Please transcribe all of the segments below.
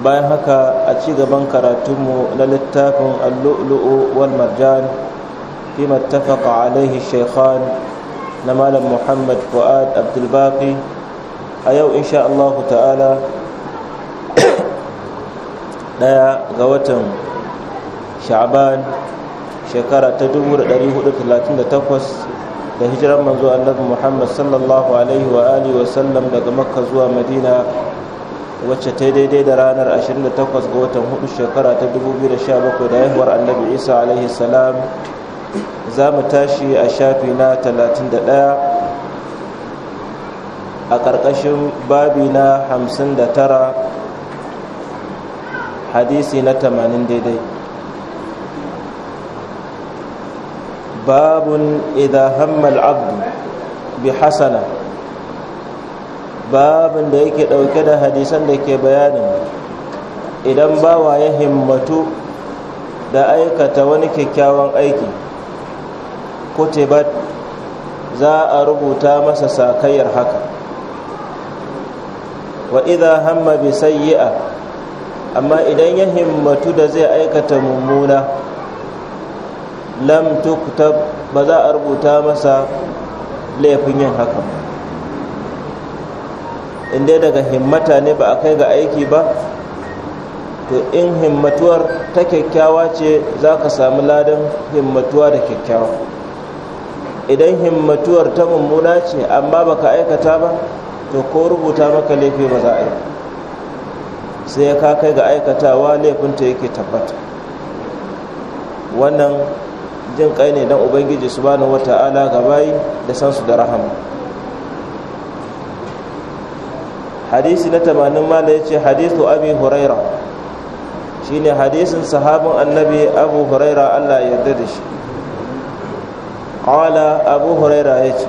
bayan haka a ci gaban karatunmu na littafin allu'lu'u wal marjan fi mattafaqa alaihi shaykhan na malam muhammad fuad abdulbaqi a yau insha Allah ta'ala daya ga watan sha'ban shekara ta 1438 da hijirar manzo annabi Muhammad sallallahu alaihi wa alihi wa sallam daga Makka zuwa Madina wacce ta daidai da ranar 28 ga watan 4 shekara ta 2017 da haihuwar annabi isa alaihi salam za mu tashi a shafi na 31 a ƙarƙashin babi na 59 hadisi na 80 daidai babun idan hammal abdu bi hasana babin da yake ɗauke da hadisan da ke bayanin idan bawa ya himmatu da aikata wani kyakkyawan aiki kutibat za a rubuta masa sakayyar haka wa idha hamma bi sayyi'a amma idan ya himmatu da zai aikata mummuna lam tuktab ba za a rubuta masa laifin yin haka in dai daga himmata ne ba a kai ga aiki ba to in himmatuwar ta kyakkyawa ce za ka sami ladan himmatuwa da kyakkyawa idan himmatuwar ta mummuna ce amma ba ka aikata ba to ko rubuta maka laifi ba za a yi sai ya kai ga aikatawa laifinta yake tabbata wannan jin kai ne don ubangiji su bani wata'ala ga bayi da sansu da rahama hadisi na tamanin mala ya ce hadisu abi huraira ne hadisin sahabin annabi abu huraira allah yarda da shi ƙala abu huraira ya ce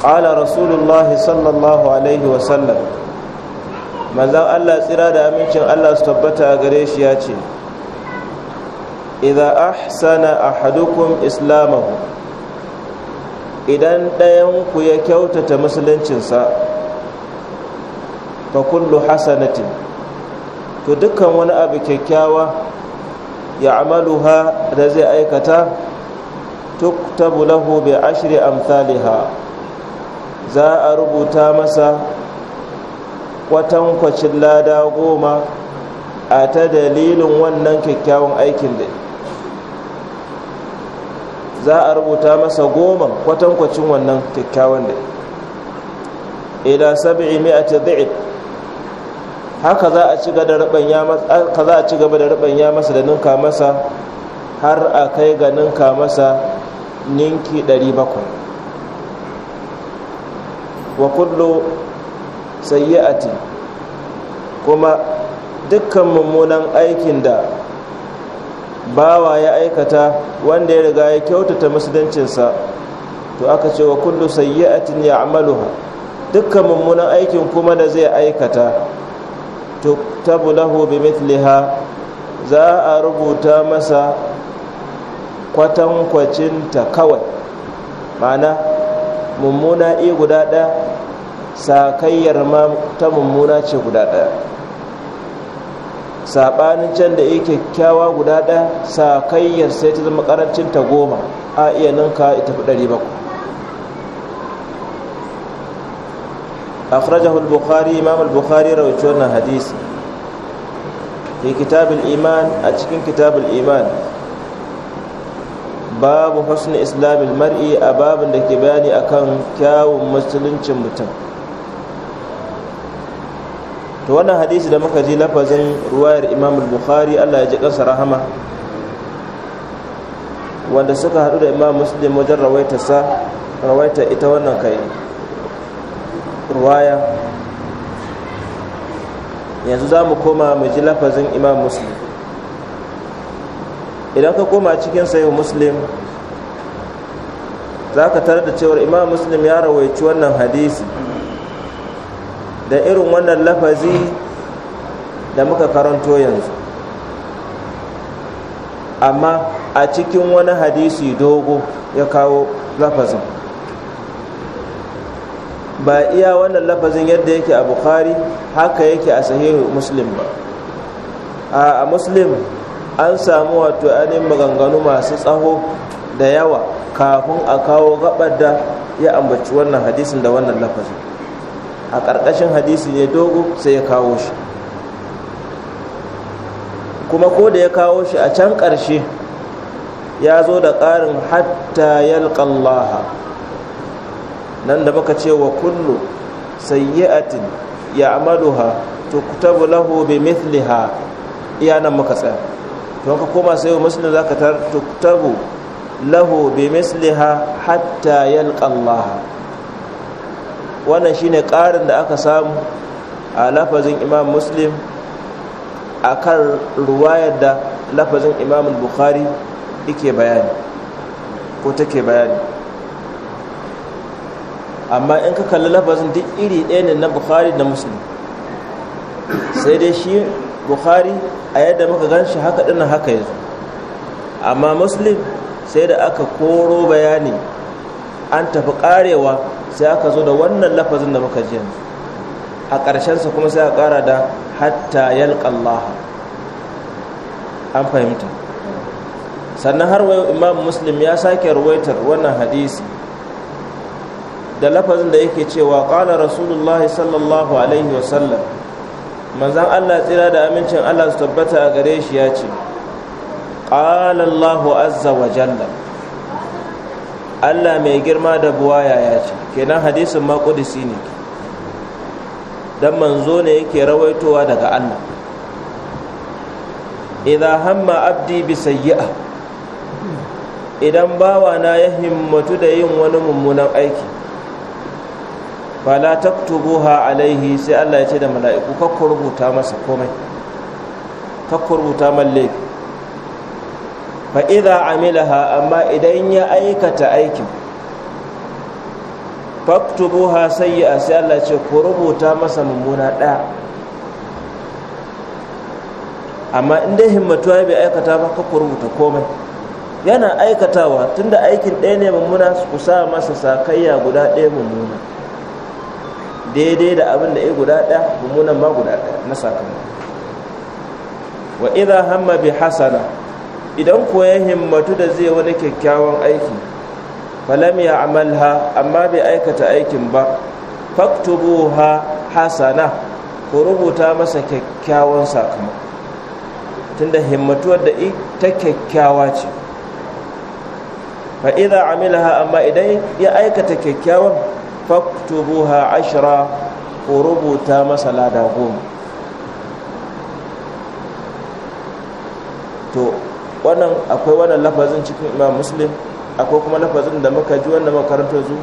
ƙala rasulullahi sallallahu alaihi wasallam manzan allah tsira da amincin allah su tabbata a gare shi ya ce idza ahsana ahadukum islamahu idan ɗayanku ya kyautata musuluncinsa fa kullu hasanatin to dukkan wani abu kyakkyawa ya amaluha da zai aikata tuktabu lahu bi ashri ha. za a rubuta masa kwatankwacin lada goma a ta dalilin wannan kyakkyawan aikin da za a rubuta masa goma kwatankwacin wannan kyakkyawan da ila sabi'i mi'ati dhi'b haka za a ci gaba da rubanya masa da ninka masa har a kai ga ninka masa ninki 700 wa kullu sayyi'ati kuma dukkan mummunan aikin da bawa ya aikata wanda ya riga ya kyautata musuluncinsa to aka ce wa kullu sayyi'atin ya'maluha dukkan mummunan aikin kuma da zai aikata tuktabu lahu bimithliha za a rubuta masa kwatankwacinta kawai ma'ana mummuna iya guda ɗaya sakayyar ma ta mummuna ce guda ɗaya saɓanin can da iya kyakkyawa guda ɗaya sakayyar sai ta zama ƙarancin ta goma a iya ninka ita fi ɗari bakwai akhrajahu al-bukhari imam al-bukhari wannan hadisi fi kitab al-iman a cikin kitab al-iman babu husn islam al-mar'i a babin da ke bayani akan kyawun musuluncin mutum to wannan hadisi da muka ji lafazin ruwayar imam al-bukhari Allah ya ji kansa rahama wanda suka haɗu da imam muslim wajen rawaita sa rawaita ita wannan kai ruwaya yanzu za mu koma mu ji lafazin imam muslim idan ka koma cikin sayo muslim za ka tare da cewar imam muslim ya rawaici wannan hadisi da irin wannan lafazi da muka karanto yanzu amma a cikin wani hadisi dogo ya kawo lafazin ba iya wannan lafazin yadda yake a bukhari haka yake a sahihu muslim ba a muslim an samu wato anin maganganu masu tsaho da yawa kafin a kawo gabar da ya ambaci wannan hadisin da wannan lafazin a ƙarƙashin hadisi ne dogo sai ya kawo shi kuma ko da ya kawo shi a can ƙarshe ya zo da ƙarin hatta yalƙallaha nan da muka ce wa kullu sayyi'atin ya'maluha tuktabu lahu bi mithliha iya nan muka tsaya to ka koma sai wa muslim zaka tar tuktabu lahu bi misliha hatta yalqa Allah wannan shine ƙarin da aka samu a lafazin Imam Muslim akan ruwayar da lafazin Imam Bukhari yake bayani ko take bayani amma in ka kalli lafazin duk iri ɗaya ne na bukhari da musulmi sai dai shi bukhari a yadda muka gan shi haka ɗin haka yanzu amma musulmi sai da aka koro bayani an tafi karewa sai aka zo da wannan lafazin da muka ji yanzu a ƙarshensa kuma sai a ƙara da hatta yalƙallaha an fahimta sannan har wayo imam muslim ya sake ruwaitar wannan hadisi da lafazin da yake cewa ƙala rasulullah sallallahu alaihi wasallam Manzan Allah tsira da amincin Allah su tabbata a gare shi ya ce ƙala Allah azza wa jalla Allah mai girma da buwaya ya ce kenan hadisin maƙudisi ne dan manzo ne yake rawaitowa daga Allah idan hamma abdi bi sayyi'a idan bawana ya himmatu da yin wani mummunan aiki fala taktubuha alaihi sai Allah ya ce da mala'iku kakku rubuta masa komai kakku rubuta malle fa idza amilaha amma idan ya aikata aikin faktubuha sayyi'a sai Allah ya ce ku rubuta masa mummuna ɗaya amma in dai ya bi aikata ba kakku rubuta komai yana aikatawa tunda aikin ɗaya ne mummuna su sa masa sakayya guda ɗaya mummuna daidai da abin da ya guda ɗaya mummunan ma guda ɗaya na sakamako wa idan hamma bi hasana idan kuwa ya himmatu da zai wani kyakkyawan aiki falam ya amalha amma bai aikata aikin ba ha hasana ku rubuta masa kyakkyawan sakamako tunda himmatuwar da ta kyakkyawa ce fa idza amilaha amma idan ya aikata kyakkyawan faktubuha ashira ku rubuta masa lada goma to wannan akwai wannan lafazin cikin imam muslim akwai kuma lafazin da muka ji wannan makarantar zu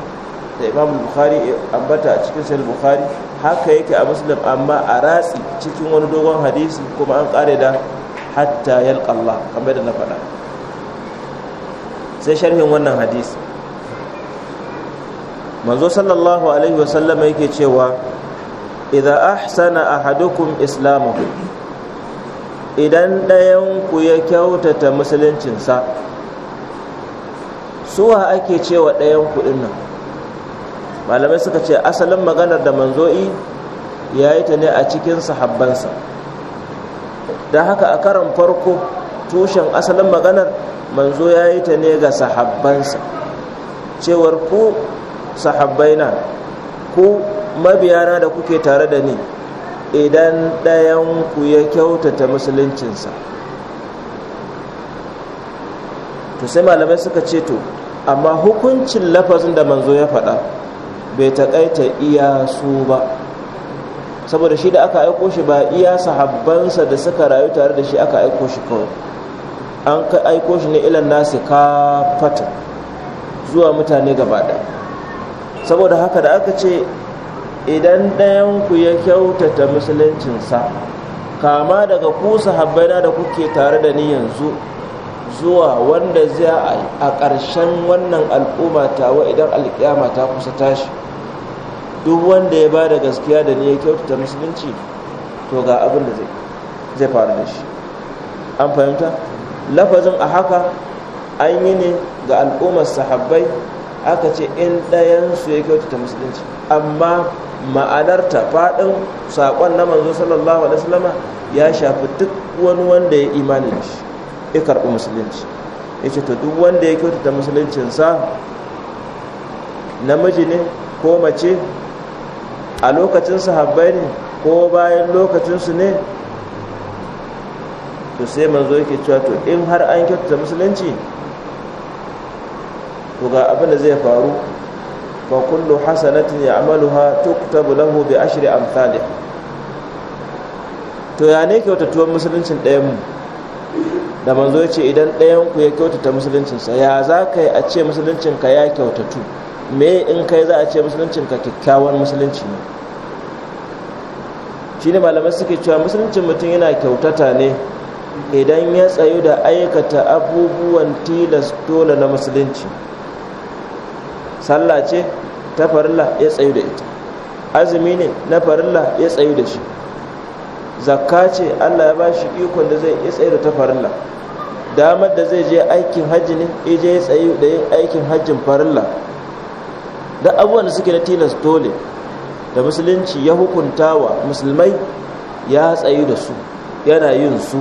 da imam bukhari ambata a cikin sahih bukhari haka yake a muslim amma a ratsi cikin wani dogon hadisi kuma an kare da hatta yalƙalla Allah kamar da na faɗa sai sharhin wannan hadisi manzo sallallahu alaihi wasallam yake cewa idza ahsana ahadukum islamahu idan ɗayan ku ya kyautata musuluncinsa suwa ake cewa ɗayan ku nan malamai suka ce asalin maganar da manzo'i ya yi ta ne a cikin sahabbansa don haka a karan farko tushen asalin maganar manzo ya yi ta ne ga sahabbansa cewar ku sahabbaina ku mabiyana da kuke tare da ni idan ɗayan ku ya kyautata musuluncinsa to sai malamai suka ce to amma hukuncin lafazin da manzo ya faɗa bai taƙaita iya su ba saboda shi da aka aiko shi ba iya sahabbansa da suka rayu tare da shi aka aiko shi kawai an aiko shi ne ilan nasi kafata zuwa mutane gaba ɗaya saboda haka da aka ce idan ɗayanku ya kyautata musuluncinsa kama daga ku sahabbaina da kuke tare da ni yanzu zuwa wanda zai a ƙarshen wannan al'umma tawa idan alƙiyama ta kusa tashi duk wanda ya ba da gaskiya da ni ya kyautata musulunci to ga abin da zai faru da shi an fahimta lafazin a haka an yi ne ga al'ummar sahabbai aka ce in ɗayan su ya kyautata musulunci amma ma'anarta faɗin saƙon na manzo sallallahu alaihi wasallama ya shafi duk wani wanda ya imani da shi ya karɓi musulunci ya ce to duk wanda ya kyautata musuluncinsa namiji ne ko mace a lokacin sahabbai ne ko bayan lokacinsu ne to sai manzo yake cewa to in har an kyautata musulunci to ga abin da zai faru fa kullu hasanatin ya'maluha tuktabu lahu bi ashri amsalih to ya ne kyautatuwar musuluncin ɗayan mu da manzo ya ce idan ɗayan ku ya kyautata musuluncinsa ya za ka yi a ce musuluncin ka ya kyautatu me in kai za a ce musuluncin ka kyakkyawan musulunci ne shi ne malamai suke cewa musuluncin mutum yana kyautata ne idan ya tsayu da aikata abubuwan tilas dole na musulunci sallah ce ta farilla ya tsayu da ita azumi ne na farilla ya tsayu da shi zakka ce allah ya ba shi ikon da zai tsayu da ta farilla damar da zai je aikin hajji ne ya je ya tsayu da yin aikin hajjin farilla da abubuwan da suke na tilas dole da musulunci ya hukunta wa musulmai ya tsayu da su yana yin su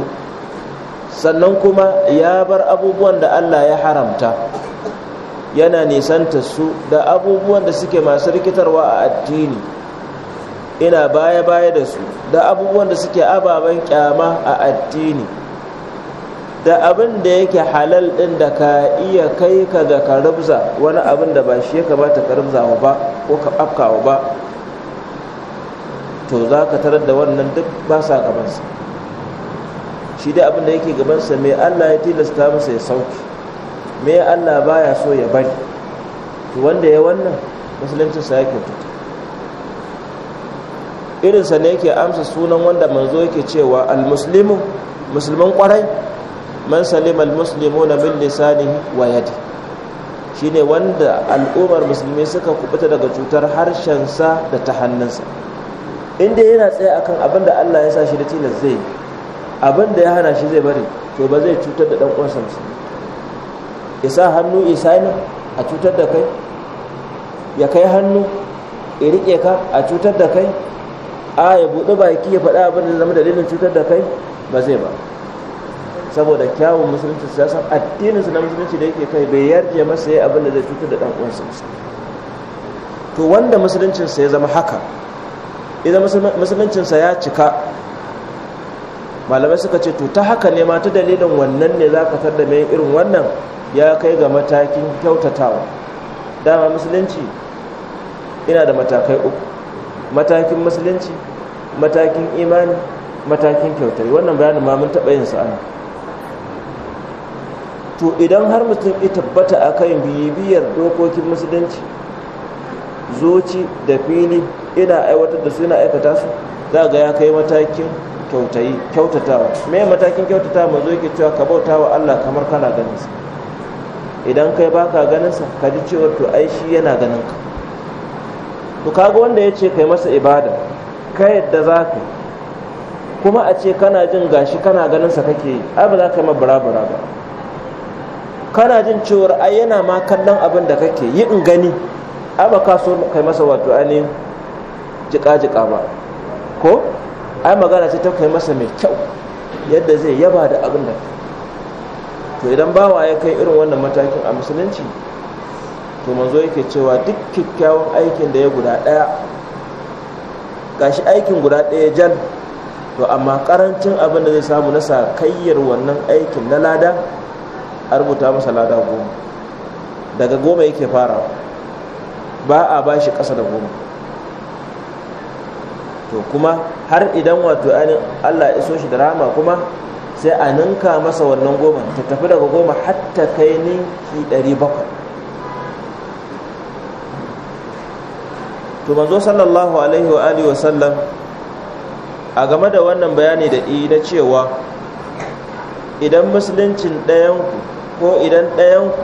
sannan kuma ya bar abubuwan da allah ya haramta yana nisanta su da abubuwan da suke masu rikitarwa a addini ina baya-baya da su da abubuwan da suke ababen kyama a addini da abin da yake halal ɗin da ka iya kai ka ga karibza wani abin da ba shi ya kamata karibzawa ba ko ka afkawa ba to za ka tarar da wannan duk ba sa gabansa shi dai abin da yake gabansa mai allah ya tilasta masa ya sauki me Allah baya so ya bari to wanda ya wannan musulunci sa yake fita irin ne yake amsa sunan wanda manzo yake cewa almuslimu musulman kwarai man salima almuslimuna min lisanihi wa yadi shine wanda al'ummar musulmi suka kubuta daga cutar harshensa da ta hannunsa inda yana tsaye akan abin da Allah ya sa shi da tilas zai abin da ya hana shi zai bari to ba zai cutar da dan uwansa musulmi ya sa hannu isani a cutar da kai ya kai hannu ya riƙe ka a cutar da kai a ya buɗe baki ya faɗa abin da zama dalilin cutar da kai ba zai ba saboda kyawun musulunci su san addininsu na musulunci da yake kai bai yarje masa ya abin da zai cutar da ɗan uwansa to wanda musuluncinsa ya zama haka idan musuluncinsa ya cika malamai suka ce to ta haka ne ma ta dalilin wannan ne za ka tar da mai irin wannan ya kai ga matakin kyautatawa dama musulunci ina da matakai uku matakin musulunci matakin imani matakin kyautai wannan bayanin ma mun taɓa yin sa'ana to idan har mutum ya tabbata kan bibiyar dokokin musulunci zoci da fili ina aiwatar da su ina aikata su za ga ya kai matakin kyautatawa me matakin kyautatawa mazo yake cewa ka bauta wa Allah kamar kana ganin sa idan kai baka ganin sa ka ji cewa to ai shi yana ganin ka to kaga wanda yace kai masa ibada ka yadda za ka kuma a ce kana jin gashi kana ganin sa kake yi ai ba za ka yi ma burabura ba kana jin cewar ai yana ma kallon abin da kake yi in gani ai ba ka so kai masa wato ani jika-jika ba ko ai magana ce ta kai masa mai kyau yadda zai yaba da abin da kake to idan bawa ya kai irin wannan matakin a musulunci to manzo yake cewa duk kyakkyawan aikin da ya guda ɗaya gashi aikin guda ɗaya jan to amma karancin abin da zai samu na sakayyar wannan aikin na lada a rubuta masa lada goma daga goma yake fara ba a ba shi ƙasa da goma to kuma har idan wato ainihin allah ya iso shi da rama kuma sai a ninka masa wannan goma ta tafi daga goma hatta kai ninki ɗari bakwai to manzo sallallahu alaihi wa alihi wa sallam a game da wannan bayani da i na cewa idan musuluncin ɗayanku ko idan ɗayanku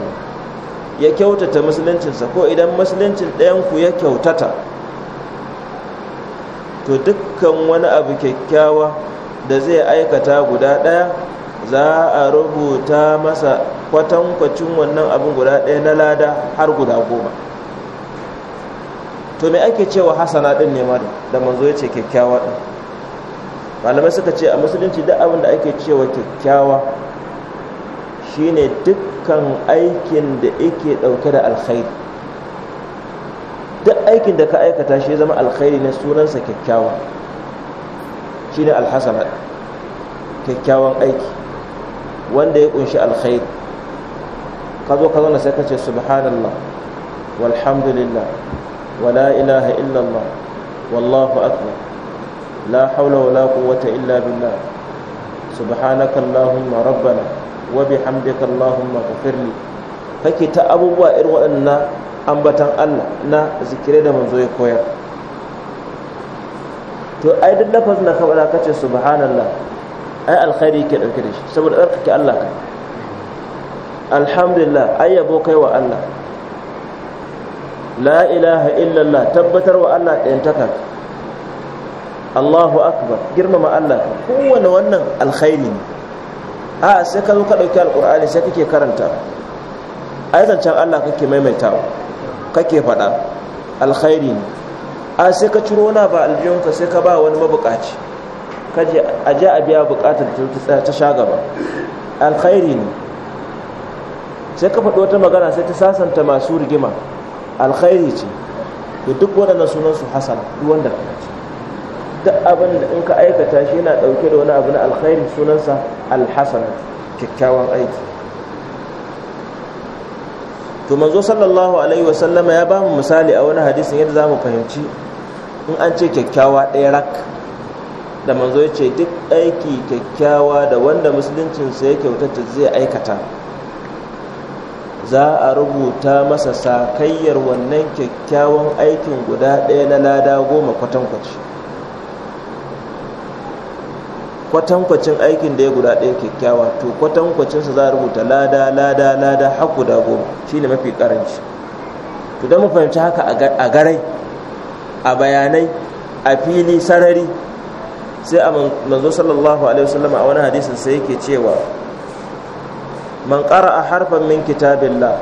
ya kyautata musuluncinsa ko idan musuluncin ɗayanku ya kyautata to dukkan wani abu kyakkyawa da zai aikata guda ɗaya za a rubuta masa kwatankwacin wannan abin guda ɗaya na lada har guda goma to me ake cewa hasana ɗin ne ma da manzo ya ce kyakkyawa ɗin malamai suka ce a musulunci duk abin da ake cewa kyakkyawa shine dukkan aikin da yake ɗauke da alkhairi duk aikin da ka aikata shi zama alkhairi ne sunansa kyakkyawa shine alhasanat kyakkyawan aiki wanda ya kunshi alkhairi ka zo ka zauna sai ka ce subhanallah walhamdulillah wala ilaha illallah wallahu akbar la hawla wala quwwata illa billah subhanaka allahumma rabbana wa bihamdika allahumma ighfirli kake ta abubuwa irin waɗannan ambatan Allah na zikirai da manzo ya koyar to ai duk lafazin da ka ka ce subhanallah ai alkhairi ke ɗauke da shi saboda tsarkake Allah kai alhamdulillah ai yabo kai wa Allah la ilaha illallah tabbatar wa Allah ɗayantaka Allahu akbar girmama Allah kowane wannan alkhairi ne a sai ka zo ka ɗauki alƙur'ani sai kake karanta ai zancen Allah kake maimaitawa kake faɗa alkhairi ne a sai ka ciro wani ba aljihunka sai ka ba wani mabukaci kaje a ji a biya bukatar ta sha gaba alkhairi ne sai ka faɗi wata magana sai ta sasanta masu rigima alkhairi ce da duk waɗannan sunansu hasana duk wanda ka ce duk abin da in ka aikata shi yana ɗauke da wani abu na alkhairi sunansa alhasana kyakkyawan aiki to manzo sallallahu alaihi wasallama ya ba mu misali a wani hadisin yadda za mu fahimci in an ce kyakkyawa ɗaya rak da manzo ya ce duk aiki kyakkyawa da wanda musuluncinsa ya kyautata zai aikata za a rubuta masa sakayyar wannan kyakkyawan aikin guda ɗaya na lada goma kwatankwaci kwatankwacin aikin da ya guda ɗaya kyakkyawa to kwatankwacinsa za a rubuta lada lada lada haku da goma shi ne mafi ƙaranci. to don mu fahimci haka a garai a bayanai a fili sarari sai a manzo sallallahu alaihi wasallam a wani hadisin sai yake cewa man a harfan min kitabillah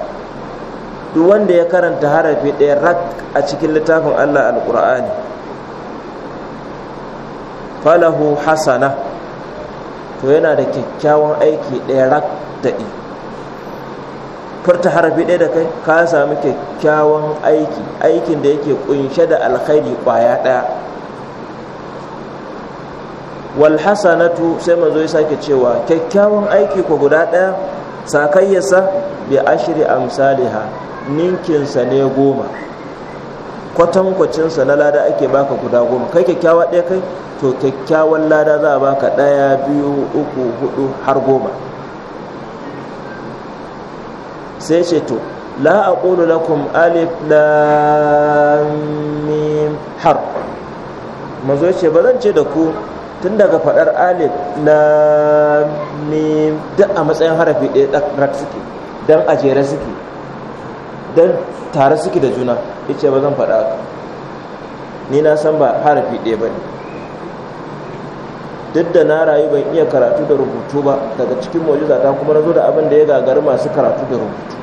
duk wanda ya karanta harafi ɗaya rak a cikin littafin Allah alqur'ani falahu hasana to yana da kyakkyawan aiki ɗaya rak da furta harafi ɗaya da kai ka sami kyakkyawan aiki aikin da yake kunshe da alkhairi kwaya ɗaya wal sai mazo ya sake cewa kyakkyawan aiki ko guda ɗaya sakayyarsa bi misali amsaliha ninkinsa ne goma kwatankwacinsa na lada ake baka guda goma kai kyakkyawa ɗaya kai to kyakkyawan lada za a baka ɗaya biyu uku hudu har goma sai ce to la na lakum alif lam mim har mazo ce ba zan ce da ku tun daga fadar alif na mim duk a matsayin harafi ɗaya rak suke dan a suke don tare suke da juna ce ba zan fada ni na san ba harafi ɗaya bane duk da na rayu ban iya karatu da rubutu ba daga cikin mojiza ta kuma na zo da abin da ya gagari masu karatu da rubutu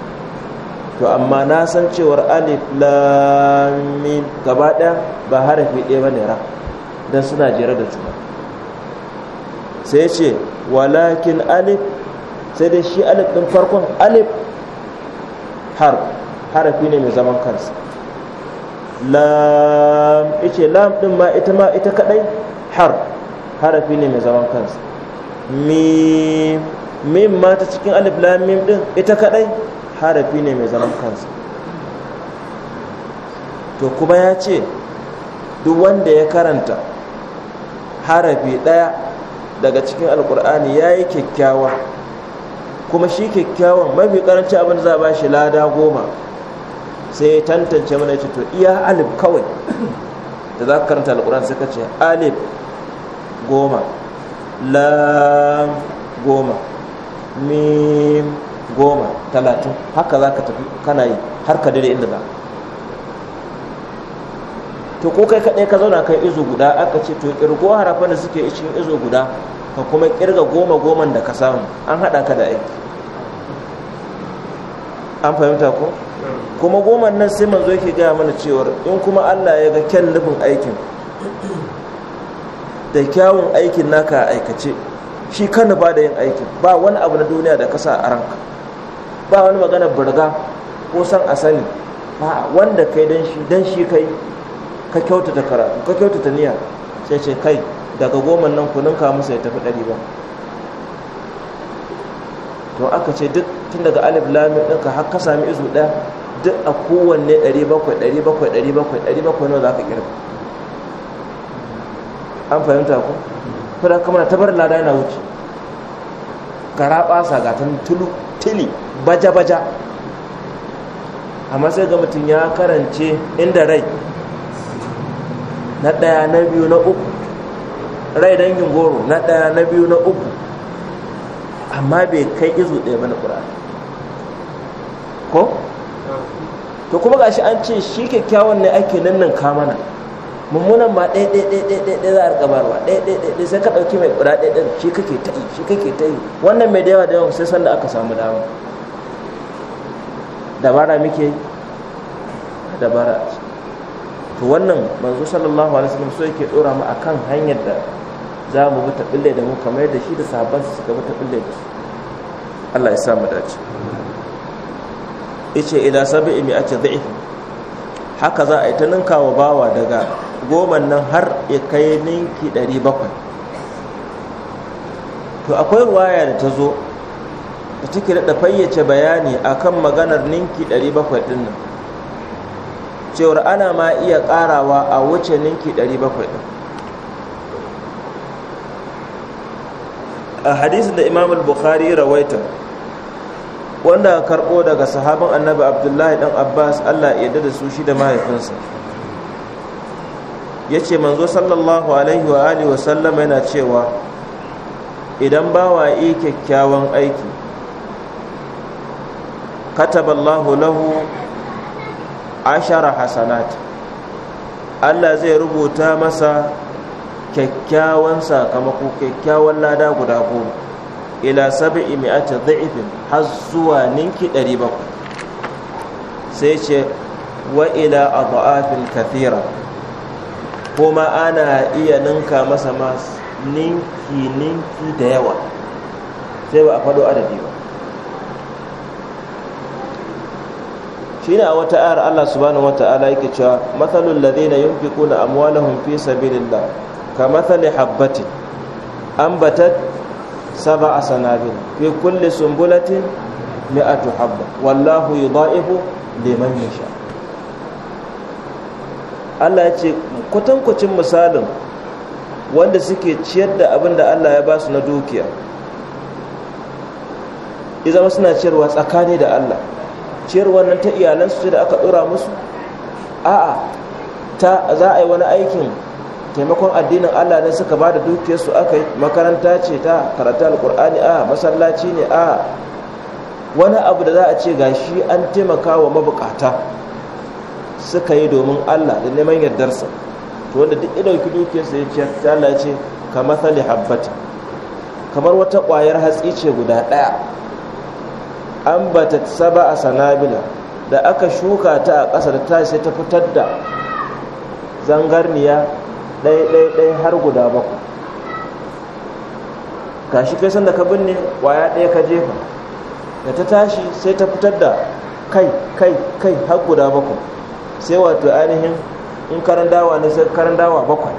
to amma na san cewar alif lamin gaba ɗaya ba harafi ɗaya ba ne ra dan suna jere da juna sai ce walakin alif sai dai shi alif ɗin farkon alif har harafi ne mai zaman kansa lam ice lam ɗin ma ita ma ita kaɗai har harafi ne mai zaman kansa mim mim ma ta cikin alif lam mim ɗin ita kaɗai harafi ne mai zaman kansa to kuma ya ce duk wanda ya karanta harafi ɗaya daga cikin alkur'ani ya yi kyakkyawa kuma shi kyakkyawan mafi karanci abin za ba shi lada goma sai ya tantance mana ce to iya alif kawai da za ka karanta alkur'ani suka ce alif goma la goma mim goma talatin haka za ka tafi kana yi har ka dare inda za to ko kai kaɗai ka zauna kan izo guda aka ce to kirgo harafan da suke cikin izo guda ka kuma kirga goma goman da ka samu an haɗa ka da aiki an fahimta ko kuma goman nan sai manzo yake gaya mana cewar in kuma allah ya ga kyan nufin aikin da kyawun aikin naka a aikace shi kan ba da yin aikin ba wani abu na duniya da kasa a ranka ba wani magana burga ko san a sani ba wanda kai dan shi dan shi kai ka kyautata karatu ka kyautata niyya sai ce kai daga goma nan kunin ka musu ya tafi ɗari ba to aka ce duk tun daga alif lami ɗinka har ka sami izu ɗaya duk a kowanne ɗari bakwai ɗari bakwai ɗari bakwai ɗari bakwai nawa za ka kirga an fahimta ku kuma kamar tabar lada yana wuce karaba ɓasa ga tulu tuni baja-baja amma sai ga mutum ya karance inda rai na ɗaya na biyu na uku rai yin goro na daya na biyu na uku amma bai kai izu ɗaya mana kura, ko? to kuma gashi an ce shi kyakkyawan ne ake nan nan kamana mana mummunan ma ɗaya ɗaya ɗaya ɗaya ɗaya za a rika barwa ɗaya ɗaya ɗaya ɗaya sai ka ɗauki mai ƙura ɗaya ɗaya shi kake ta yi shi kake ta yi wannan mai da yawa da yawa sai sanda aka samu dama dabara muke dabara to wannan manzo sallallahu alaihi wasallam so yake dora mu akan hanyar da za mu bi ta bille da mu kamar yadda shi da sahabban su suka bi ta bille da su Allah ya sa mu dace yace ila sab'i ake dha'if haka za a yi ta wa bawa daga goma nan har ya kai ninki ɗari bakwai to akwai waya da ta zo da take da fayyace bayani akan maganar ninki ɗari bakwai ɗin nan cewar ana ma iya ƙarawa a wuce ninki ɗari bakwai ɗin a hadisin da imam al-bukhari rawaita wanda karɓo daga sahabin annabi abdullahi ɗan abbas allah ya yarda da su shi da mahaifinsa ya ce manzo sallallahu alaihi wa alihi wa sallama yana cewa idan wa yi kyakkyawan aiki kataballahu lahu ashara hasanat Allah zai rubuta masa kyakkyawan sakamako kyakkyawan lada guda goma ila sab'i mi'ati ifin, har zuwa ninki 700 sai ce wa ila adha'afin kathira kuma ana iya ninka masa masu ninki ninki da yawa sai ba a faɗo adadi ba shi shine a wata ayar Allah subhanahu wata'ala yake cewa mathalul ladina yunfiquna amwalahum fi sabilillah ka mathali habbatin ambatat sab'a sanabil fi kulli sumbulatin mi'atu habba wallahu yudha'ifu liman yasha Allah ya ce kwatankwacin misalin wanda suke ciyar da abin da Allah ya ba su na dukiya ya zama suna ciyarwa tsakani da Allah ciyarwar nan ta iyalansu ce da aka ɗora musu a'a ta za a yi wani aikin taimakon addinin Allah ne suka ba da dukiyarsu aka yi makaranta ce ta karanta alkur'ani a masallaci ne a wani abu da za a ce gashi an taimaka wa mabukata suka yi domin Allah da neman yardarsa to wanda duk idan duke sa ya ciyar ta ya ce ka masali habbati kamar wata ƙwayar hatsi ce guda ɗaya an bata saba a sanabila da aka shuka ta a ƙasar ta sai ta fitar da zangarniya ɗaya-ɗaya har guda bakwai shi kai sanda ka binne waya ɗaya ka jefa da ta tashi sai ta fitar da kai kai kai har guda bakwai sai wato ainihin in karan dawa ne sai karan dawa bakwai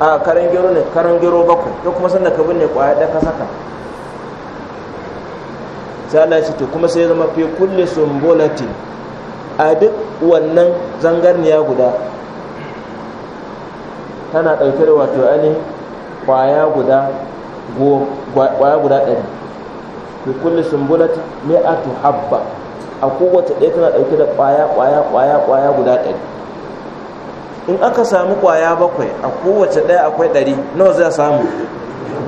a karan gero ne karan gero bakwai to kuma sanda ka binne kwaya da ka saka sai Allah ce to kuma sai zama fi kulli sumbulati. a duk wannan zangarniya guda tana ɗauke da wato ainihin kwaya guda kwaya guda ɗari fi kulli sumbulatin mi'atu habba a kowace ɗaya tana ɗauke da ƙwaya ƙwaya ƙwaya ƙwaya guda ɗari in aka samu ƙwaya bakwai a kowace ɗaya akwai ɗari nawa zai samu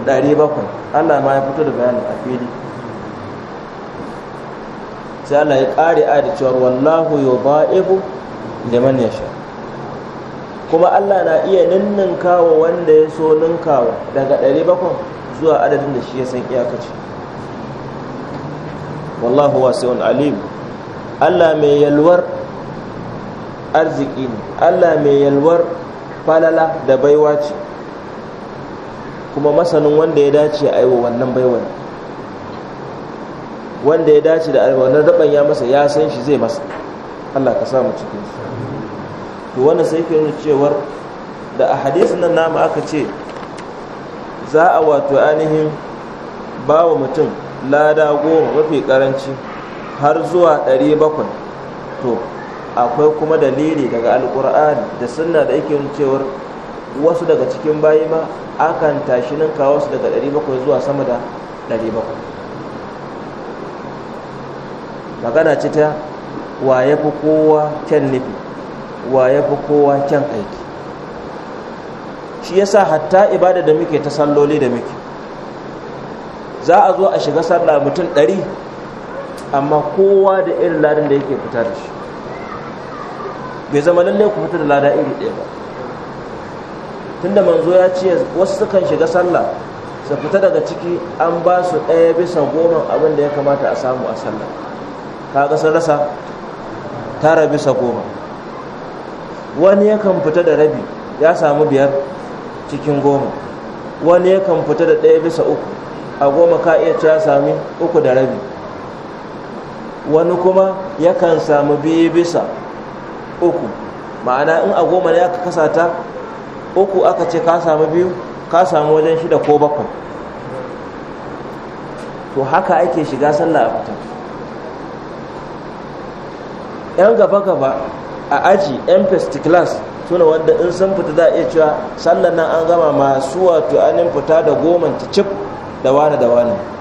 ɗari bakwai allah ma ya fito da bayanin a fili sai allah ya ƙare a da cewar wallahu yau ba'ibu liman ya sha kuma allah na iya ninninkawa wanda ya so ninkawa daga ɗari bakwai zuwa adadin da shi ya san iyakaci wallahu wasi'un alim Allah mai yalwar arziki ne Allah mai yalwar falala da baiwa ce kuma masanin wanda ya dace a yi wa wannan ne wanda ya dace da wannan rabon ya masa ya san shi zai masa Allah ka samu cikin su to wannan sai ke nuna cewar da a hadisin nan namu aka ce za a wato ainihin ba wa mutum lada goma mafi karanci har zuwa 700 to akwai kuma dalili daga alkur'ani da sunna da yake cewar wasu daga cikin bayi ma akan tashi nan kawo su daga 700 zuwa sama da 700 magana ce ta wa ya fi kowa kyan nufi wa ya fi kowa kyan aiki shi ya sa hatta ibada da muke ta salloli da muke za a zo a shiga sallah mutum ɗari amma kowa da irin ladan da yake fita da shi bai zama lalle ku fita da lada iri ɗaya ba tunda manzo ya ce wasu sukan shiga sallah su fita daga ciki an ba su ɗaya bisa goma abin da ya kamata a samu a sallah kaga sun rasa tara bisa goma wani yakan fita da rabi ya samu biyar cikin goma wani yakan fita da ɗaya bisa uku a goma ka iya ya sami uku da rabi wani kuma yakan samu biyu bisa uku ma'ana in a goma ne aka kasata uku aka ce ka samu biyu ka samu wajen shida ko bakwai to haka ake shiga sallah a fita yan gaba-gaba a aji yan first class suna wanda in sun fita za a iya cewa sallan nan an gama masu wato anin fita da goma ta cif da wane da wane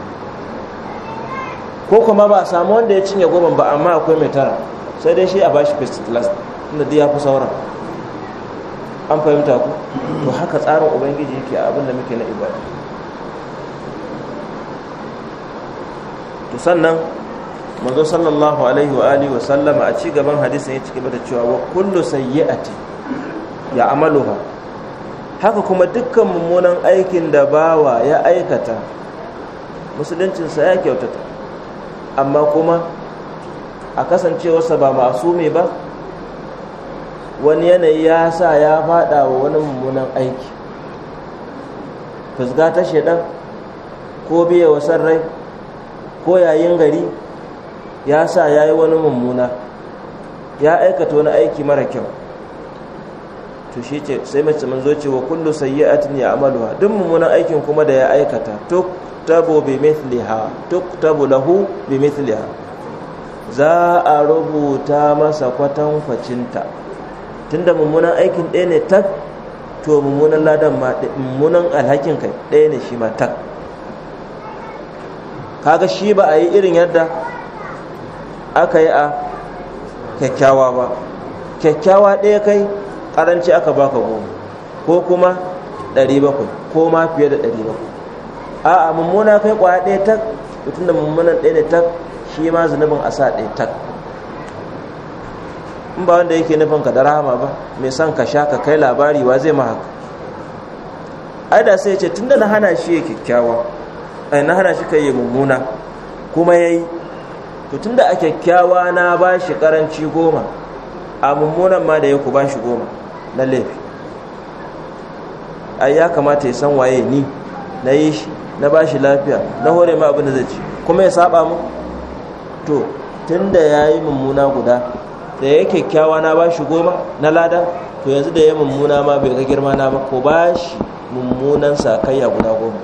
ko kuma ba a samu wanda ya cinye goma ba amma akwai mai tara sai dai shi a bashi first class inda dai ya fi saura an fahimta ku to haka tsarin ubangiji yake abin da muke na ibada to sannan manzo sallallahu alaihi wa alihi wa sallama a ci gaban hadisin ya cike da cewa wa kullu sayyi'ati ya amaluha haka kuma dukkan mummunan aikin da bawa ya aikata musuluncinsa ya kyautata amma kuma a kasancewarsa ba masumi ba wani yanayi ya sa ya fada wa wani mummunan aiki fusga ta shaidan ko biya wa rai ko yayin gari ya sa ya yi wani mummuna ya aikata wani aiki mara kyau to shi ce sai mace manzo wa kullu sayyi'atin ya amalwa duk mummunan aikin kuma da ya aikata to tuktabu bimithliha tuktabu lahu bimithliha za a rubuta masa kwatan facinta tunda mummunan aikin ɗaya ne tak to mummunan ladan ma mummunan alhakin kai ɗaya ne shi ma tak kaga shi ba a yi irin yadda aka yi a kyakkyawa ba kyakkyawa ɗaya kai ƙaranci aka baka goma ko kuma ɗari bakwai ko ma fiye da ɗari bakwai a'a mummuna kai kwaya ɗaya tak mutum da mummunan ɗaya da tak shi ma zunubin a sa ɗaya tak in ba wanda yake nufin ka da rahama ba mai son ka sha ka kai labari wa zai mahaka ai da sai ya ce da na hana shi ya kyakkyawa ai eh, na hana shi kai ya mummuna kuma ya yi to da a kyakkyawa na ba shi karanci goma a mummunan ma da ya ku ba shi goma na laifi ai ya kamata ya san waye ni na yi shi na ba shi lafiya na hore ma abin da zai ci kuma ya saba mu to tun da ya yi mummuna guda da ya kyakkyawa na ba shi goma na lada to yanzu da ya mummuna ma bai ga girma na ba ko ba shi mummunan sakayya guda goma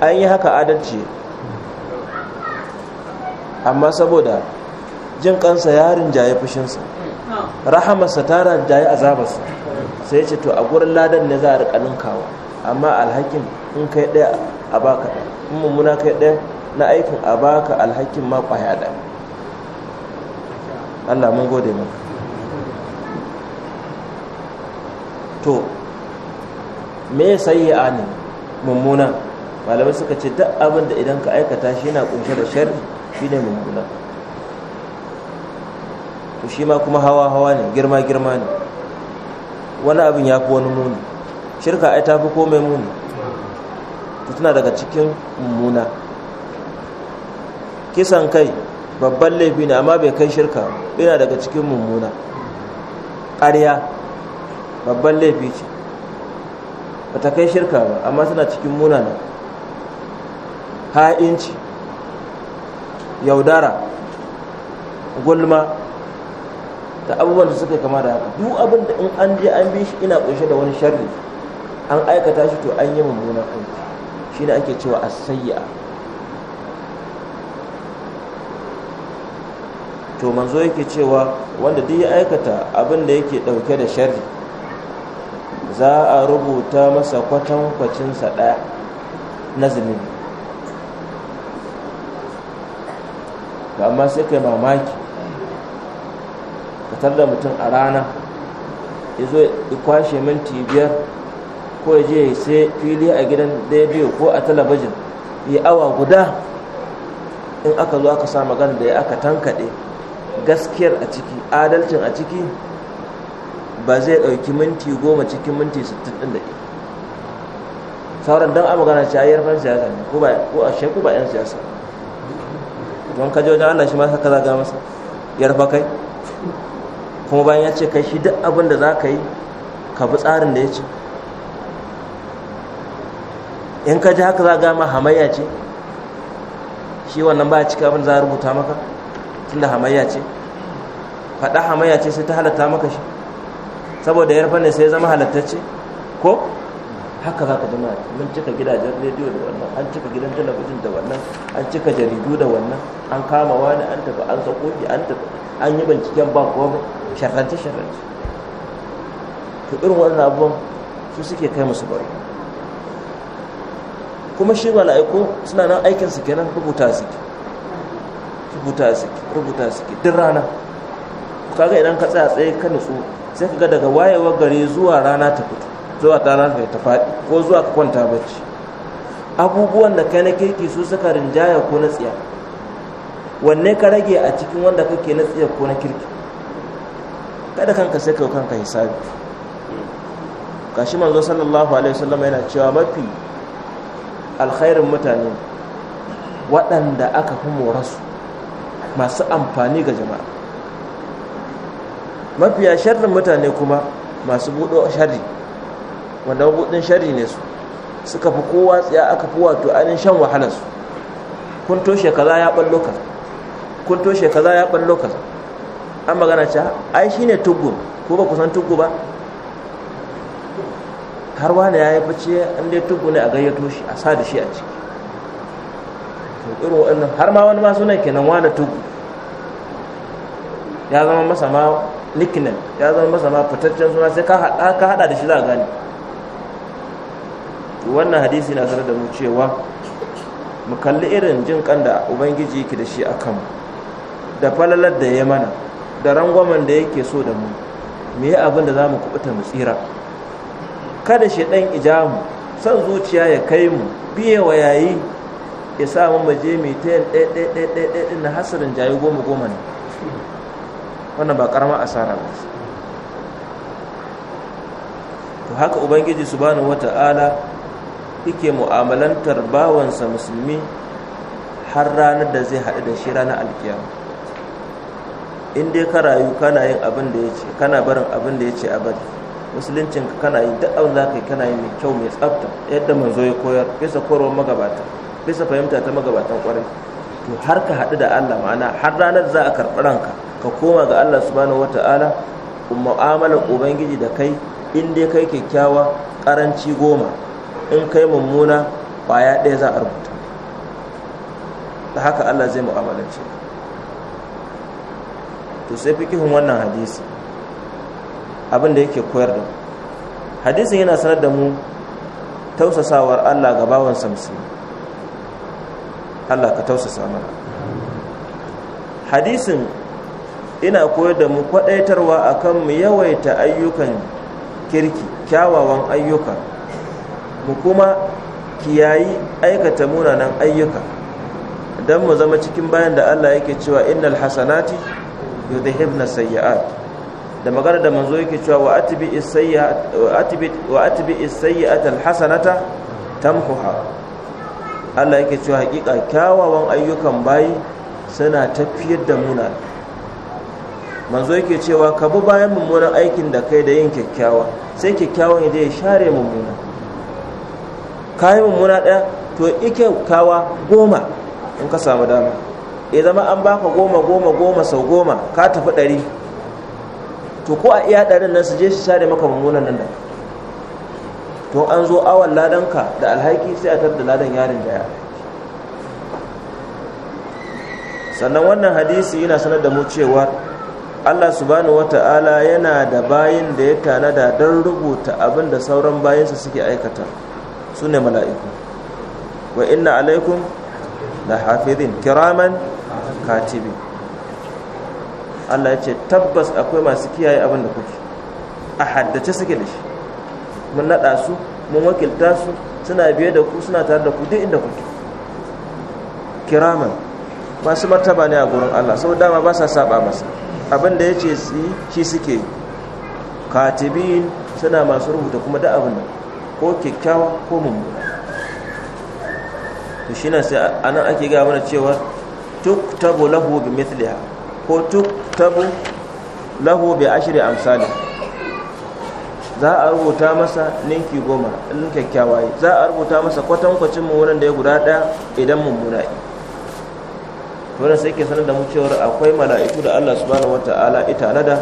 an yi haka adalci amma saboda jin kansa yarin jaye fushinsa rahamarsa ta rajaye azabarsa sai ce to a gurin ladan ne za a riƙa ninkawa amma alhakin in kai ɗaya a baka in mummuna kai ɗaya na aikin a baka alhakin ma kwaya ɗaya allah mun gode maka to me sayi a ne mummuna malamai suka ce duk abin da idan ka aikata shi na kunshe da shari shi ne mummuna to shi ma kuma hawa hawa ne girma girma ne wani abin ya fi wani muni shirka ai ta fi komai muni suna daga cikin mummuna kisan kai babban laifi ne amma bai kai shirka yana daga cikin mummuna ƙarya babban laifi ce ba ta kai shirka ba amma suna cikin munana ha'inci yaudara gulma da abubuwan da suka kama da haka duk abin da in an je an bi shi ina kunshe da wani sharri an aikata shi to an yi mummuna aiki shi ne ake cewa asayya to manzo yake cewa wanda duk ya aikata abin da yake dauke da sharri za a rubuta masa kwatankwacinsa ɗaya na zunubi amma sai kai mamaki ka da mutum a rana ya zo ya kwashe minti biyar ko ya je sai fili a gidan daidai ko a talabijin yi awa guda in aka zo aka samu magana da ya aka tankade gaskiyar a ciki adalcin a ciki ba zai ɗauki minti goma cikin minti sittin din da ke sauran don a magana a yi fan siyasa ne ko a sheku ba yan siyasa don ka wajen allah shi masa kaza ga masa rufa kai kuma bayan ya ce kai shi duk abin da za ka yi ka bi tsarin da ya ce in ka ji haka za a gama hamayya ce shi wannan ba cika abin za a rubuta maka tunda hamayya ce faɗa hamayya ce sai ta halatta maka shi saboda yarfa ne sai zama halattacce ko haka za ka zama mun cika gidajen rediyo da wannan an cika gidan talabijin da wannan an cika jaridu da wannan an kama wani an tafi an sako an tafi an yi binciken ba komai sharrance sharrance to irin wannan abubuwan su suke kai musu baro kuma shi mala'iku suna nan aikin su kenan rubuta suke rubuta suke rubuta suke duk rana kaga idan ka tsaya tsaye ka nutsu sai ka ga daga wayewar gare zuwa rana ta fito zuwa ta rana ta faɗi ko zuwa ka kwanta bacci abubuwan da kai na kirki su suka rinjaya ko na tsiya wanne ka rage a cikin wanda kake na tsiya ko na kirki kada kanka sai ka kanka hisabi gashi manzo sallallahu alaihi wasallam yana cewa mafi alkhairin mutane waɗanda aka fi morasu masu amfani ga jama'a mafiya sharrin mutane kuma masu buɗo shari. wanda buɗin shari ne su suka fi kowa tsaya aka fi wato ainihin shan wahalarsu kun toshe kaza ya ɓan lokal kun toshe ya ɓan lokal an magana ce ai shine tuggu ko ba kusan tuggu ba har wani ya yi fice an dai tubu ne a gayyato shi a sa da shi a ciki to irin har ma wani ma sunan kenan wani tubu ya zama masa ma nickname ya zama masa ma fitaccen suna sai ka hada da shi za a gane wannan hadisi na sanar da mu cewa mu kalli irin jin kan da ubangiji yake da shi a kanmu da falalar da ya mana da rangwamen da yake so da mu me yi abin da za mu kubuta mu tsira kada shi ɗan ijamu son zuciya ya kai mu biye wa yayi ya sa mu maje mai ta yin ɗaiɗaiɗaiɗaiɗin na hasarin jayi goma goma ne wannan ba ƙaramar asara ba to haka ubangiji subhanahu wata'ala yake mu'amalantar bawansa musulmi har ranar da zai haɗu da shi ranar alkiyama in dai ka rayu kana yin abin da kana barin abin da ya ce a bari musuluncin ka kana yin duk abin da ka kana yin mai kyau mai tsafta yadda manzo ya koyar bisa koyarwar magabata bisa fahimta ta magabatan kwarai to har ka haɗu da Allah ma'ana har ranar za a karɓi ranka ka koma ga Allah subhanahu wata'ala mu'amala ubangiji da kai in dai kai kyakkyawa karanci goma in kai mummuna ƙwaya ɗaya za a rubuta da haka Allah zai mu'amalance to sai fi fikihun wannan hadisi abin yake koyar da mu hadisin yana sanar da mu tausasawar Allah ga bawan samsi Allah ka tausasa mana hadisin ina koyar da mu kwadaitarwa akan mu yawaita ayyukan kirki kyawawan ayyuka mu kuma kiyayi aikata munanan ayyuka don mu zama cikin bayan da Allah yake cewa innal hasanati yudhibna sayyi'at da magana da manzo yake cewa wa atbi wa atbi al alhasanata tamhuha Allah yake cewa hakika kyawawan ayyukan bayi suna tafiyar da muna manzo yake cewa ka bi bayan mummunan aikin da kai da yin kyakkyawa sai kyakkyawan ya share mummuna kayi mummuna ɗaya to ike kawa goma in ka samu dama ya zama an baka goma goma goma sau goma ka tafi ɗari to ko a iya ɗarin nan su je su share maka mummunan nan da to an zo awon ladanka da alhaki sai a tar da ladan yarin da sannan wannan hadisi yana sanar da mu cewa Allah subhanahu wata'ala yana da bayin da ya tanada don rubuta abin da sauran bayansa suke aikata su ne mala'iku wa inna alaikum da hafizin kiraman katibi Allah ya ce tabbas akwai masu kiyaye abin da kuke a haddace suke da shi mun naɗa su mun wakilta su suna biye da ku suna tare da ku duk inda kuke kiraman masu martaba ne a gurin Allah sau dama ba sa saba masa abin da ya ce shi suke katibin suna masu rubuta kuma da abin ko kyakkyawa ko mummuna to shi sai anan ake gaya mana cewa tuk tabo lahu bi mithliha ko tuk yuktabu lahu bi ashri amsalih za a rubuta masa ninki goma in kyakkyawa yi za a rubuta masa kwatankwacin wurin da ya guda ɗaya idan mummuna yi wurin sai ke sanar da mu cewar akwai mala'iku da Allah subhanahu wata'ala ita da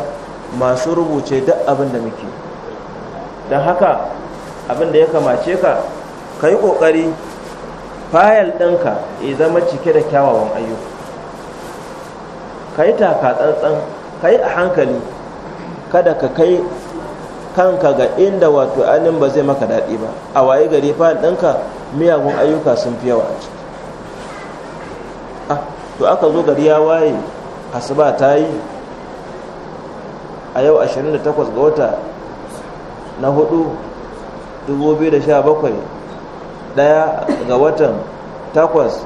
masu rubuce duk abin da muke don haka abin da ya kamace ka kayi kokari fayal ɗinka ya zama cike da kyawawan ayyuka ka yi taka tsantsan ka yi a hankali kada ka kai kanka ga inda wato alin ba zai maka daɗi ba a waye gari fa ɗanka miyagun ayyuka sun fi yawa a ah, to aka zo gari ya waye asuba ta yi a yau 28 ga wata na 4 2017 ɗaya ga watan 8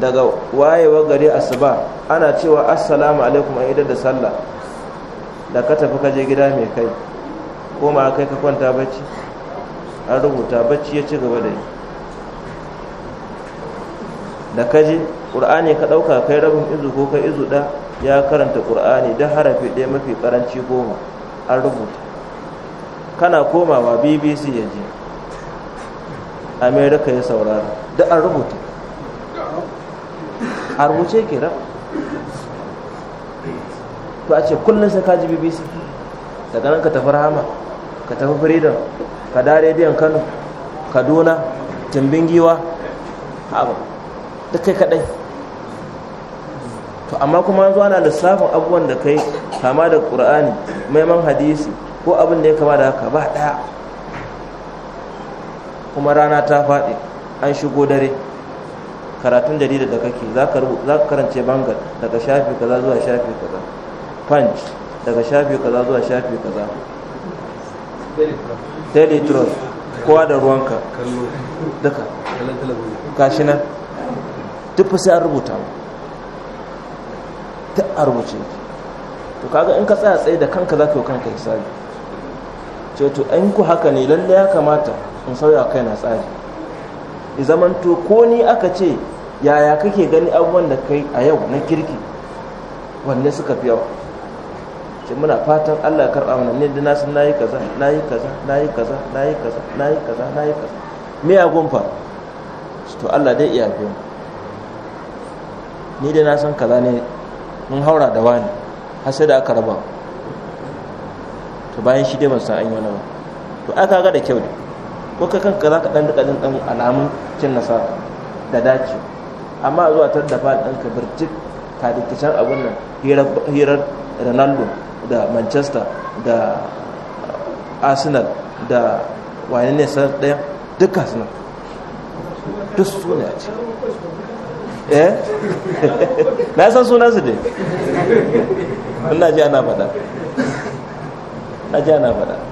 daga wayewa gari asuba ana cewa assalamu alaikum an idan da sallah da ka tafi ka je gida mai kai ko ma kai ka kwanta bacci an rubuta bacci ya ci gaba da yi da ka je ƙur'ani ka ɗauka kai rabin izu ko kai izu ɗa ya karanta ƙur'ani da harafi ɗaya mafi ƙaranci goma an rubuta kana komawa bbc ya je amerika ya saurara da an rubuta a rubuce ke ran to a ce kullum sai ka ji bbc daga nan ka tafi rahama ka tafi freedom ka da rediyon kano kaduna tumbin giwa abu duk kai kadai to amma kuma yanzu ana lissafin abubuwan da kai kama da ƙur'ani maiman hadisi ko abin da ya kama da haka ba ɗaya kuma rana ta faɗi an shigo dare karatun jarida da kake za ka karance bangar daga shafi kaza zuwa shafi kaza punch daga shafi kaza zuwa shafi kaza daily trust kowa da ruwanka daga kashina. nan duk sai an rubuta mu ta a rubuce to kaga in ka tsaya tsaye da kanka za ka yi kanka hisabi ce to an ku haka ne lalle ya kamata in sauya kai na tsari zamanto ko ni aka ce yaya kake gani abubuwan da kai a yau na kirki wanne suka fi yawa ce muna fatan Allah ya karɓa mana ne da nasu yi kaza yi kaza na yi kaza na yi kaza yi kaza yi kaza me ya gunfa to Allah dai iya biyu ni da na san kaza ne mun haura da wani har sai da aka raba to bayan shi dai ban san an yi wani ba to aka ga da kyau ne ko ka kanka za ka ɗanɗa riƙa ɗan alamun cin nasara da dace amma zuwa ta da fa ɗan ka birci ka dikicin abin nan hirar ronaldo da manchester da uh, arsenal da wani ne sanar ɗaya duka suna duk su ne a ce eh na san sunan su dai ina ji ana faɗa na ji ana faɗa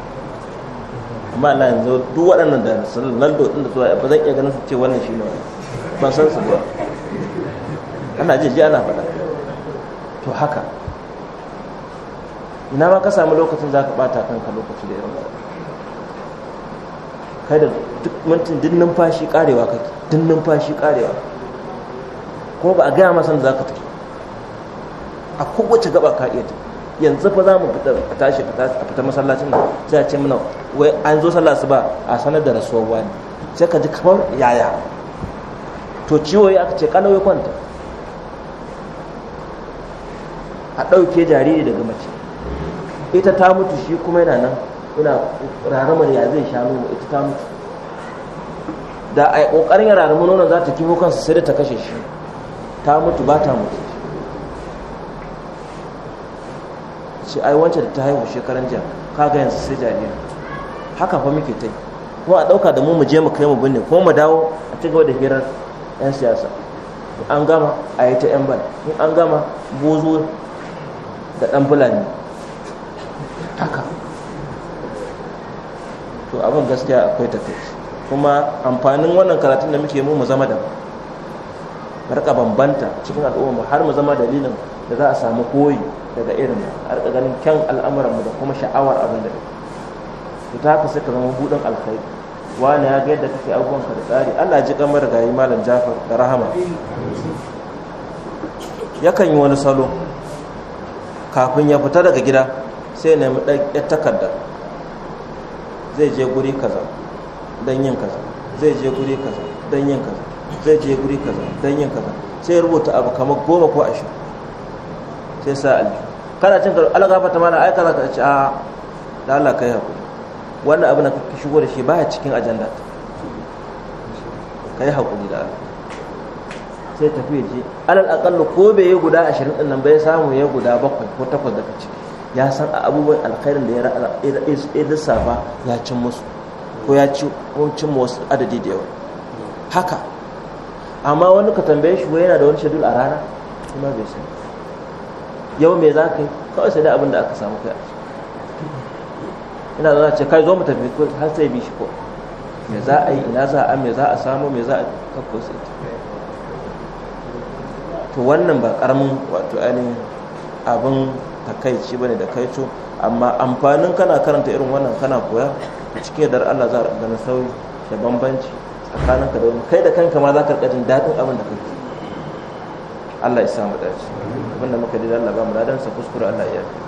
amma Allah yanzu duk waɗannan da Ronaldo din da zuwa ba zan iya ganin su ce wannan shine wani ban san su ba ana ji ji ana faɗa to haka ina ma ka samu lokacin za ka ɓata kanka lokaci da irin wannan kai da duk mintin din numfashi ƙarewa kake din numfashi ƙarewa. ko ba a gaya masan za ka tafi a kowace gaba ka iya tafi yanzu fa za mu fita shi fita masallacin nan sai a ce mana wai an zo sallah su ba a sanar da rasuwar wani sai ka ji kamar yaya to ciwo ya aka ce kana wai kwanta a ɗauke jariri daga mace ita ta mutu shi kuma yana nan ina raramar ya zai sha nono ita ta mutu da a ƙoƙarin ya raramu nonon za ta kifo kansa sai da ta kashe shi ta mutu ba ta mutu ce ai wacce da ta haihu shekaran jiya kaga yanzu sai jariri haka fa muke tai kuma a ɗauka da mu mu je mu kai mu binne kuma mu dawo a ci gaba da hirar 'yan siyasa an gama a yi ta 'yan ban in an gama bozo da ɗan fulani haka to abin gaskiya akwai tafi kuma amfanin wannan karatun da muke mu mu zama mu. rika bambanta cikin al'ummar har mu zama dalilin da za a samu koyi daga irin a rika ganin kyan al'amuran da kuma sha'awar abin da to ta haka suka zama buɗin alkhai wani ya ga yadda kake abubuwan ka da tsari Allah ji kamar gayi malam Jafar da rahama yakan yi wani salo kafin ya fita daga gida sai ya nemi ɗan takarda zai je guri kaza don yin kaza zai je guri kaza don yin kaza zai je guri kaza don yin kaza sai rubuta abu kamar goma ko ashirin sai sa alji kana cin karo algafa ta mana aika zaka ci a da Allah kai hakuri wannan abu na ka shigo da shi baya cikin ajanda kai hakuri da Allah sai tafi ya je alal aqallu ko bai yi guda ashirin din nan bai samu ya guda bakwai ko takwas daga ciki ya san abubuwan alkhairin da ya lissafa ya cin musu ko ya ci cin wasu adadi da yawa haka amma wani ka tambaye shi yana da wani shadul a rana kuma bai san yau me za ka yi kawai sai da abin da aka samu kai a ciki ina zana ce kai zo mu tafi har sai bi shi ko me za a yi ina za a me za a samu me za a kakko sai to wannan ba karamin wato ainihin abin takaici bane da to amma amfanin kana karanta irin wannan kana koya cikin yadda Allah za a ganin sauyi da bambanci tsakaninka da wani kai da kanka ma za ka rika jin daɗin abin da kake Allah ya samu dace abinda muka ji Allah ba mu dan sa kuskure Allah ya yi